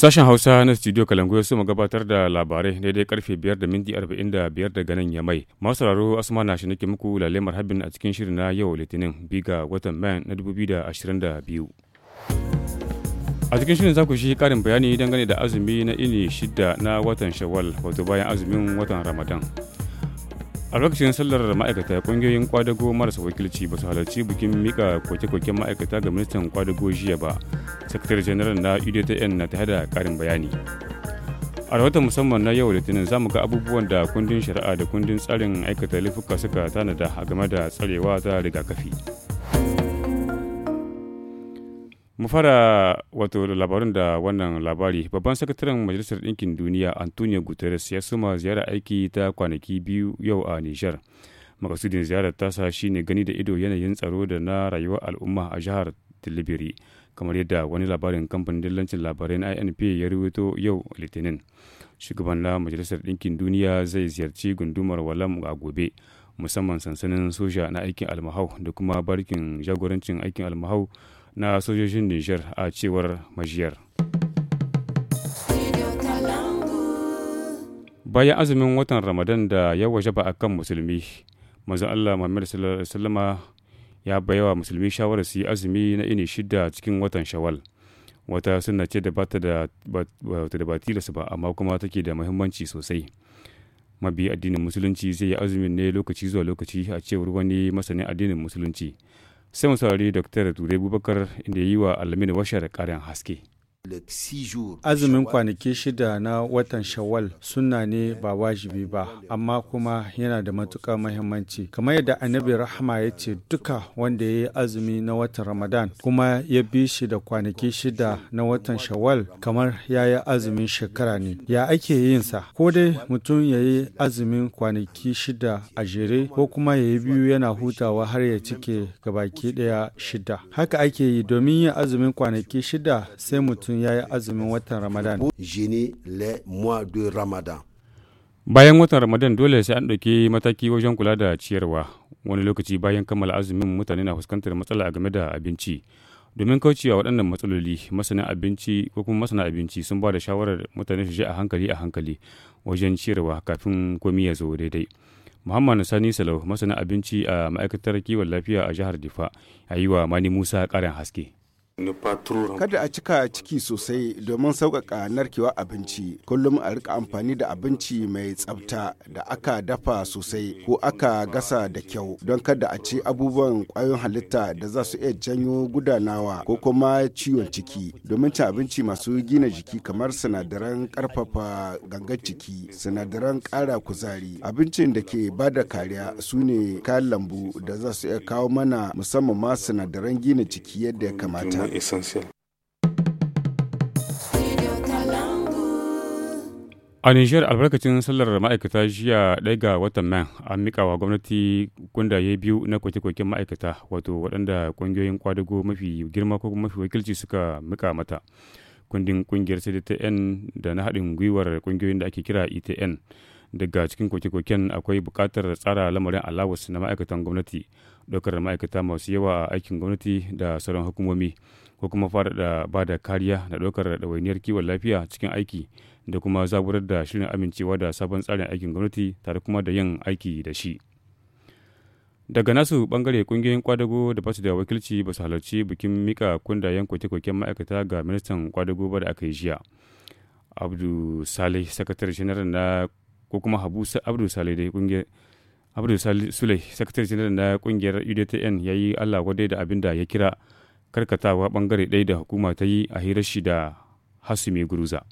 Sashen Hausa na Studio Kalangu ya mu gabatar da labarai daidai karfe 5 da minti 45 daga nan ya mai. Masu sauraro Asma na shi nake muku lalle marhabin a cikin shirin na yau Litinin biga watan Mayan na 2022. a cikin shirin za ku shi karin bayani dangane da azumi na ini shida na watan shawwal wato bayan azumin watan ramadan a lokacin sallar ma'aikata kungiyoyin kwadago marasa wakilci ba su halarci bikin mika koke-koken ma'aikata ga ministan kwadago jiya ba sakatare jeneral na udtn na tare da karin bayani a rahoton musamman na yau litinin za mu ga abubuwan da kundin shari'a da kundin tsarin aikata laifuka suka tanada a game da tsarewa ta rigakafi mu fara wato labarin da wannan labari babban sakataren majalisar ɗinkin duniya antonio guterres ya suma ziyara aiki ta kwanaki biyu yau a nijar makasudin ziyarar tasa shine gani da ido yanayin tsaro da na rayuwar al'umma a jihar tilibiri kamar yadda wani labarin kamfanin dillancin labarai na inp ya rubuto yau litinin shugaban na majalisar ɗinkin duniya zai ziyarci gundumar walam a gobe musamman sansanin soja na aikin almahau da kuma barkin jagorancin aikin almahau na sojojin nijar a cewar majiyar bayan azumin watan ramadan da ya waje ba a kan musulmi manzon allah muhammad sallallahu ya baiwa musulmi shawarar su yi azumi na ini shida cikin watan shawal wata suna ce da bata da ba su ba amma kuma take da muhimmanci sosai mabi addinin musulunci zai yi azumin ne lokaci zuwa lokaci a cewar wani masanin addinin musulunci sai mu saurari dr ture bubakar inda yi wa alamin washar karin haske Azumin kwanaki shida na watan Shawal suna ne ba wajibi ba, amma kuma yana da matuƙar mahimmanci. Kamar yadda Annabi Rahama ya ce duka wanda ya yi azumi na watan Ramadan kuma ya bi shi da kwanaki shida na watan Shawal kamar ya yi azumin shekara ne. Ya ake yin sa? Ko dai mutum ya yi azumin kwanaki shida a jere ko kuma ya yi biyu yana hutawa har ya cike gabaki ɗaya shida. Haka ake yi domin yin azumin kwanaki shida sai mutum sun yayi azumin watan Ramadan. Jini le mois de Ramadan. Bayan watan Ramadan dole sai an ɗauki mataki wajen kula da ciyarwa. Wani lokaci bayan kammala azumin mutane na fuskantar matsala game da abinci. Domin kaucewa waɗannan matsaloli, masana abinci ko kuma masana abinci sun ba da shawarar mutane su je a hankali a hankali wajen ciyarwa kafin komi ya zo daidai. muhammadu Sani Salau, masana abinci a ma'aikatar kiwon lafiya a jihar Difa, ya yi wa Mani Musa ƙarin haske. Kada a cika ciki sosai domin sauƙaƙa narkewa abinci. Kullum a rika amfani da abinci mai tsafta da aka dafa sosai ko aka gasa da kyau don kada a ci abubuwan ƙwayoyin halitta da za su iya janyo gudanawa ko kuma ciwon ciki. Domin cin abinci masu gina jiki kamar sinadaran ƙarfafa gangar ciki, sinadaran ƙara kuzari. Abincin da ke ba da kariya su ne kayan lambu da za su iya kawo mana musamman ma sinadaran gina ciki yadda ya kamata. essentiel. a niger albarkacin sallar ma'aikata jiya ɗaya ga watan man an miƙa wa gwamnati gundaye biyu na kwake-kwaken ma'aikata wato waɗanda ƙungiyoyin kwadago mafi girma ko mafi wakilci suka miƙa mata kundin ƙungiyar cdtn da na haɗin gwiwar ƙungiyoyin da ake kira etn daga cikin koke-koken akwai buƙatar tsara lamarin alawus na ma'aikatan gwamnati ɗaukar ma'aikata masu yawa a aikin gwamnati da sauran hukumomi ko kuma fara da ba da kariya da ɗaukar ɗawainiyar kiwon lafiya cikin aiki da kuma zaburar da shirin amincewa da sabon tsarin aikin gwamnati tare kuma da yin aiki da shi. daga nasu bangare kungiyoyin kwadago da basu da wakilci ba su halarci bikin mika kundayen koke-koken ma'aikata ga ministan kwadago ba da aka yi jiya abdu salih sakatare shanar na ko kuma habu abdul sale dai kungiyar abdul sule sakatare na kungiyar udtn ya yi allah wadai da abin da ya kira karkatawa bangare ɗaya da hukuma ta yi a hirar shi da hasumi guruza.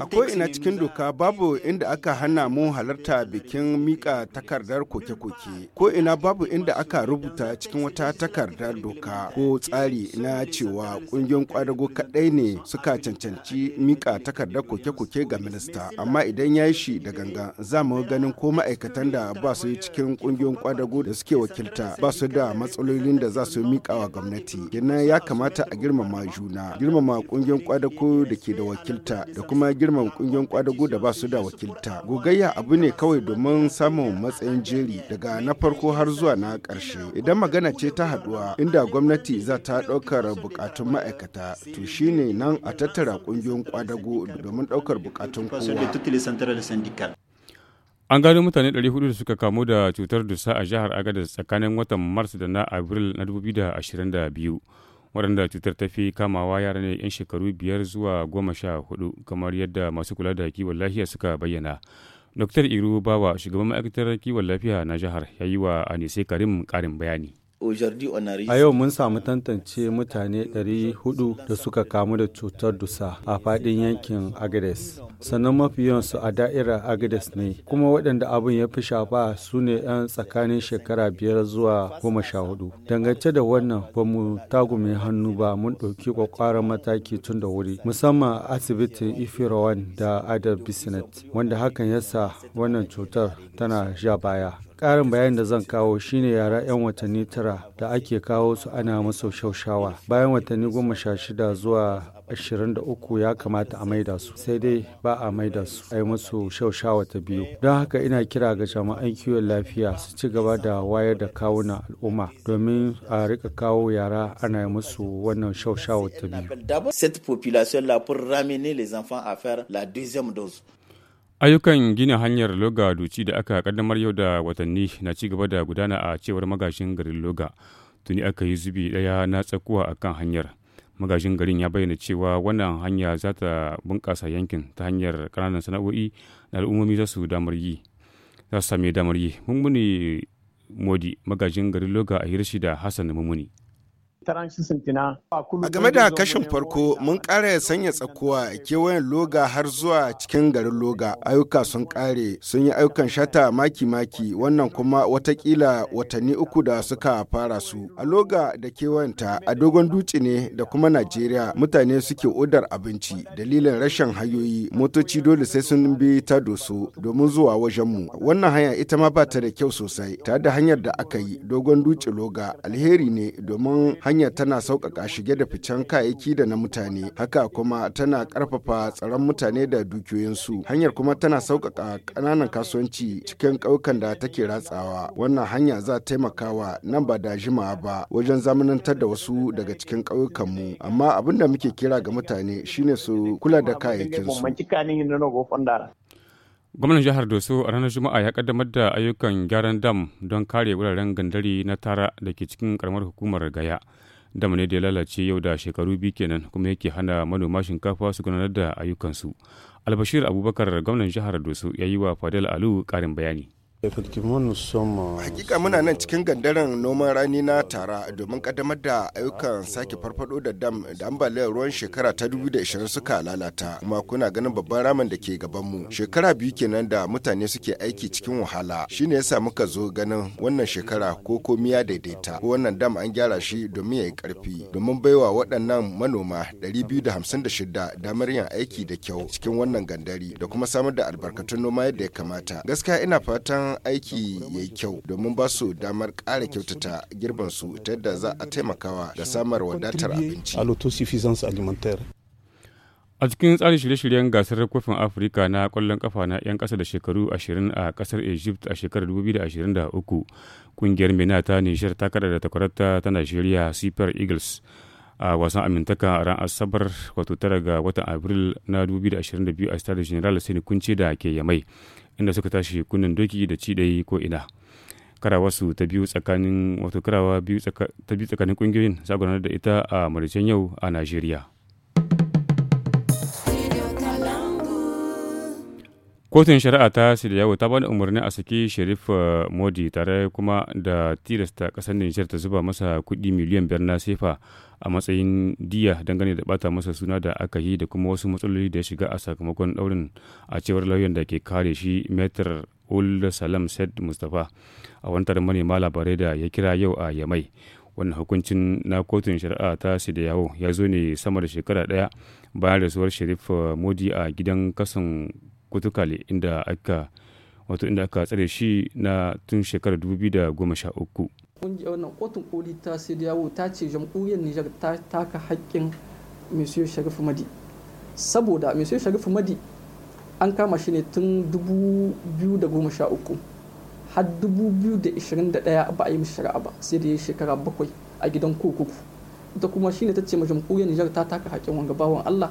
Akwai ina cikin doka babu inda aka hana mu halarta bikin mika takardar koke-koke. Ko ina babu inda aka rubuta cikin wata takardar doka ko tsari na cewa kungiyar kwadago kaɗai ne suka cancanci mika takardar koke-koke ga minista. Amma idan ya yi shi da ganga za mu ganin ko ma'aikatan da ba su yi cikin kungiyar kwadago da suke wakilta ba su da matsalolin da za su mika wa gwamnati. Kenan ya kamata a girmama juna, girmama kungiyar kwadago da ke da wakilta da kuma girmama kungiyar kwadago da ba su da wakilta gogayya abu ne kawai domin samun matsayin jeri daga na farko har zuwa na ƙarshe idan magana ce ta haduwa inda gwamnati za ta ɗaukar bukatun ma'aikata to shine nan a tattara kungiyar kwadago domin ɗaukar bukatun kowa an gano mutane 400 da suka kamu da cutar dusa a jihar agadez tsakanin watan mars da na abril na 2022 waɗanda cutar ta fi kamawa yara ne 'yan shekaru biyar zuwa goma sha hudu kamar yadda masu kula da kiwon lafiya suka bayyana dr iru bawa shugaban ma'aikatar kiwon lafiya na jihar ya yi wa anise karim karin bayani A yau mun samu tantance mutane 400 da suka kamu da cutar dusa a fadin yankin Agades. Sannan mafi yawansu a da'irar Agades ne, kuma waɗanda abin ya fi shafa su ne 'yan tsakanin shekara biyar zuwa goma sha hudu. Dangance da wannan ba mu tagume hannu ba mun ɗauki ƙwaƙwaran mataki tun da wuri, musamman asibitin Ifirawan da Adar Bisinet, wanda hakan ya sa wannan cutar tana ja baya. Ƙarin bayanin da zan kawo shine yara 'yan watanni tara da ake kawo su ana masu shaushawa. Bayan watanni goma sha shida zuwa ashirin da uku ya kamata a maida su sai dai ba a maida su a yi masu shaushawa ta biyu. Don haka ina kira ga jami'an kiwon lafiya su ci gaba da wayar da kawuna al'umma domin a rika kawo yara ana yi musu wannan shaushawa ta biyu. population ayyukan gina hanyar loga duci da aka kaddamar yau da watanni na ci gaba da gudana a cewar magashin garin loga tuni aka yi zubi daya na tsakuwa a kan hanyar magashin garin ya bayyana cewa wannan hanya za ta bunƙasa yankin ta hanyar kananan sana'o'i na al'ummomi za su damar yi za su sami damar yi mummuni modi magajin garin loga a hirshi da hassan mummuni A game da kashin farko mun ƙara sanya tsakuwa kewayen loga har zuwa cikin garin loga ayyuka sun ƙare sun yi ayyukan shata maki-maki wannan kuma watakila watanni uku da suka fara su. A loga da kewayenta a dogon dutse ne da kuma Najeriya mutane suke odar abinci dalilin rashin hayoyi motoci dole sai sun bi ta doso domin zuwa wajenmu. Wannan hanya ita ma ba ta da kyau sosai Ta da hanyar da aka yi dogon dutse loga alheri ne domin hanyar tana sauƙaƙa shige da ficen kayayyaki da na mutane haka kuma tana ƙarfafa tsaron mutane da dukiyoyinsu hanyar kuma tana sauƙaƙa ƙananan kasuwanci cikin ƙauyukan da take ratsawa wannan hanya za taimakawa nan ba da jimawa ba wajen zamanantar da wasu daga cikin ƙauyukanmu amma abin da muke kira ga mutane shine su kula da kayayyakinsu Gwamnan jihar Doso a ranar Juma'a ya kaddamar da ayyukan gyaran dam don kare wuraren gandari na tara da ke cikin karamar hukumar Gaya. Dam ne da ya lalace yau da shekaru biyu kenan kuma yake hana manoma shinkafa su gudanar da ayyukansu. Albashir Abubakar gwamnan jihar Doso ya yi wa Fadel Alu karin bayani. Hakika muna nan cikin gandaren noman rani na tara domin kaddamar da ayyukan sake farfado da dam da ambaliyar ruwan shekara ta 2020 suka lalata kuma kuna ganin babban ramin da ke gabanmu. Shekara biyu kenan da mutane suke aiki cikin wahala shine yasa muka zo ganin wannan shekara ko komi ya daidaita ko wannan dam an gyara shi domin ya yi karfi domin baiwa waɗannan manoma 256 damar yin aiki da kyau cikin wannan gandari da kuma samar da albarkatun noma yadda ya kamata. Gaskiya ina fatan aiki ya kyau domin ba su damar ƙara kyautata girbansu ta yadda za a taimakawa da samar wadatar abinci. A cikin tsarin shirye-shiryen gasar kofin Afirka na kwallon kafa na 'yan ƙasa da shekaru 20 a ƙasar Egypt a shekarar 2023, kungiyar Mena ta nishar ta kada da takwarata ta nigeria Super Eagles a wasan amintaka a ran Asabar wato tara ga watan Abril na 2022 a Stade General Sani Kunce da ke Yamai. inda suka tashi kunnen doki da ci dai ko ina karawa ta biyu tsakanin wato karawa biyu tsakanin kungiyoyin da ita a maricen yau a najeriya kotun shari'a ta yawo ta bada umarni a saki sharif eh, modi tare kuma da tilasta kasar nijar ta zuba masa kudi miliyan biyar na sefa a matsayin diya dangane da bata masa suna da aka yi da kuma wasu matsaloli da ya shiga a sakamakon daurin a cewar lauyan da ke kare shi metr ul salam said mustapha a wantar manema labarai da ya kira yau a yamai wannan hukuncin na kotun shari'a ta yawo ya zo ne sama da shekara daya bayan rasuwar sharif eh, modi a gidan kasan kutukale inda aka wato inda aka tsare shi na tun shekarar 2013 kungiyar wannan kotun koli ta yawo ta ce jamhuriyar nijar ta taka haƙƙin monsieur sharif madi saboda monsieur sharif madi an kama shi ne tun 2013 har 2021 ba a yi mishi shari'a ba sai da ya shekara bakwai a gidan kokuku ita kuma shine ta ce ma jamhuriyar nijar ta taka haƙƙin wanga bawan allah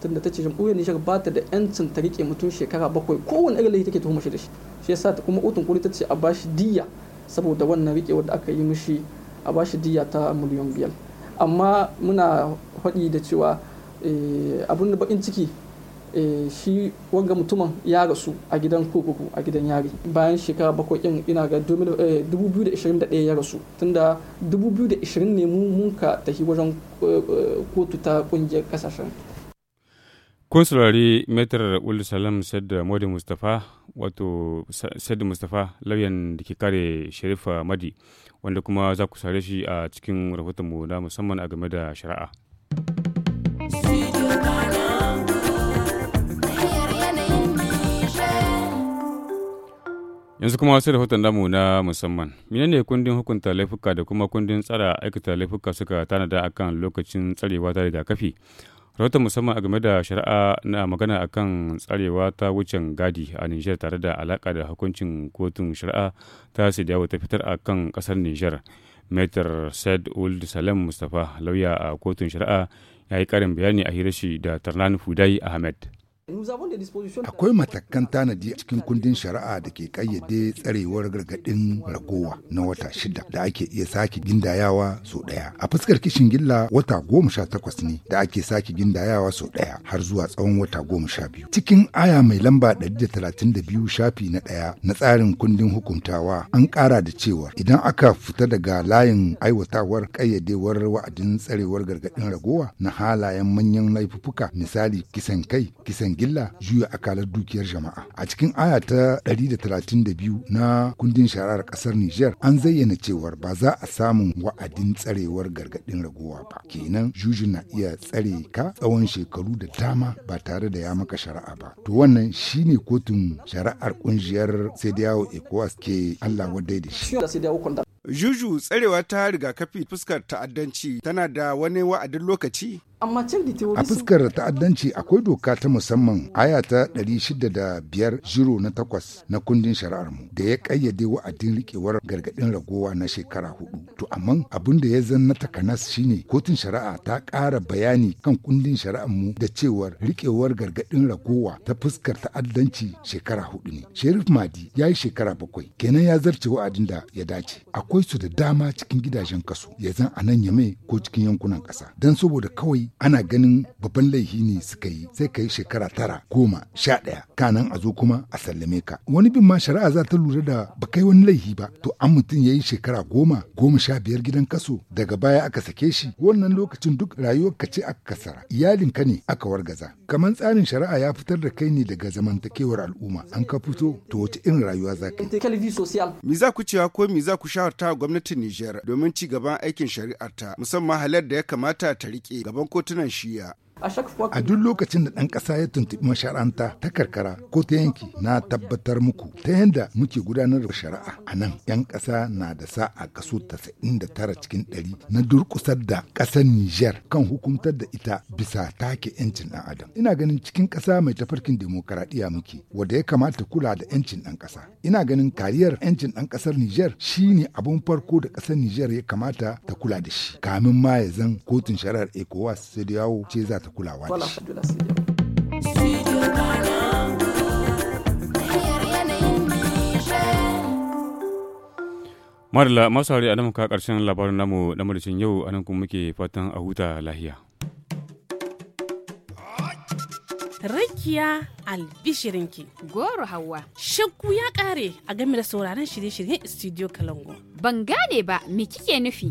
tunda ta ce jamhuriyar Nijar ba ta da yancin ta rike mutum shekara bakwai kowane irin laifi take tuhuma shi da shi shi yasa ta kuma utun kuri ta ce a bashi diya saboda wannan rike wanda aka yi mishi a bashi diya ta miliyan biyar amma muna faɗi da cewa abin da bakin ciki eh, shi wanga mutumin ya rasu a gidan kokoko a gidan yari bayan shekara bakwai in ina ga 2021 eh, ya rasu tunda 2020 ne mun ka tafi wajen eh, kotu ta kungiyar kasashen kun saurari metar ulu salam sadda modi mustapha wato sadda mustapha lauyan da ke kare sharifa madi wanda kuma za ku sare shi a cikin rahotonmu na musamman a game da shari'a yanzu kuma sai rahoton namu na musamman menene kundin hukunta laifuka da kuma kundin tsara aikata laifuka suka tanada akan lokacin tsarewa ta rigakafi rahoton musamman a game da shari'a na magana akan tsarewa ta wucin gadi a nijar tare da alaka da hukuncin kotun shari'a ta sidiyawa ta fitar a kan kasar nijar metar said old salem mustapha lauya a kotun shari'a ya yi karin bayani a hirashi da tarnan fudai ahmed Akwai matakan tanadi cikin kundin shari'a da ke kayyade tsarewar gargaɗin ragowa na wata shida da ake iya sake gindayawa sau ɗaya. A fuskar kishin gilla wata goma sha takwas ne da ake sake gindayawa sau ɗaya har zuwa tsawon wata goma sha biyu. Cikin aya mai lamba ɗari da talatin da biyu shafi na ɗaya na tsarin kundin hukuntawa an ƙara da cewa idan aka fita daga layin aiwatawar ƙayyadewar wa'adin tsarewar gargaɗin ragowa na halayen manyan laifuka, misali kisan kai kisan gilla juya akalar dukiyar jama'a. A cikin aya ta 132 na kundin shari'ar ƙasar Nijar an zayyana cewar ba za a samun wa'adin tsarewar gargadin ragowa ba. Kenan juju na iya tsare ka tsawon shekaru da dama ba tare da ya maka shari'a ba. To wannan shine kotun shari'ar ƙungiyar Sediyawo ECOWAS ke Allah wadai da shi. Juju tsarewa ta rigakafi fuskar ta'addanci tana da wani wa'adin lokaci? A fuskar ta'addanci akwai doka ta musamman aya ta 605 jiro na takwas na kundin shari'ar mu da ya kayyade wa'adin rikewar gargadin ragowa na shekara hudu. To amma abin da ya zanna takanas shine kotun shari'a ta kara bayani kan kundin shari'ar mu da cewar rikewar gargadin ragowa ta fuskar ta'addanci shekara hudu ne. Sherif Madi ya yi shekara bakwai kenan ya zarce wa'adin da ya dace. Akwai su da dama cikin gidajen kaso ya zan a nan yame ko cikin yankunan ƙasa. Don saboda kawai ana ganin babban laifi ne suka yi sai ka yi shekara tara goma sha ɗaya kanan a zo kuma a sallame ka wani bin ma shari'a za ta lura da ba kai wani laifi ba to an mutum ya yi shekara goma goma sha biyar gidan kaso daga baya aka sake shi wannan lokacin duk rayuwar ka ce aka kasara iyalin ka ne aka wargaza kamar tsarin shari'a ya fitar da kai ne daga zamantakewar al'umma an ka fito to wace irin rayuwa za ka yi. Me za ku cewa ko me za ku shawarta gwamnatin Nijar domin ci gaban aikin shari'ar ta musamman halar da ya kamata ta rike gaban kotunan shiya. A duk lokacin da ɗan ƙasa ya tuntuɓi masharanta ta karkara ko ta yanki na tabbatar muku ta yadda muke gudanar da shari'a a nan 'yan ƙasa na da sa sa'a kaso tara cikin ɗari na durƙusar da ƙasar Nijar kan hukumtar da ita bisa take 'yancin ɗan adam. Ina ganin cikin ƙasa mai tafarkin dimokuraɗiyya muke wadda ya kamata kula da 'yancin ɗan ƙasa. Ina ganin kariyar 'yancin ɗan ƙasar Nijar shi ne abun farko da ƙasar Nijar ya kamata ta kula da shi kamin ma ya zan kotun shari'ar ECOWAS sai da yawo ce za ta ta kulawa da shi. Marla masu hari a muka karshen labarin namu na madashin yau nan kuma muke fatan a huta lahiya. Rakiya albishirinki goro hawa. Shakku ya kare a game da sauraron shirye-shiryen Studio Kalango. Ban gane ba me kike nufi?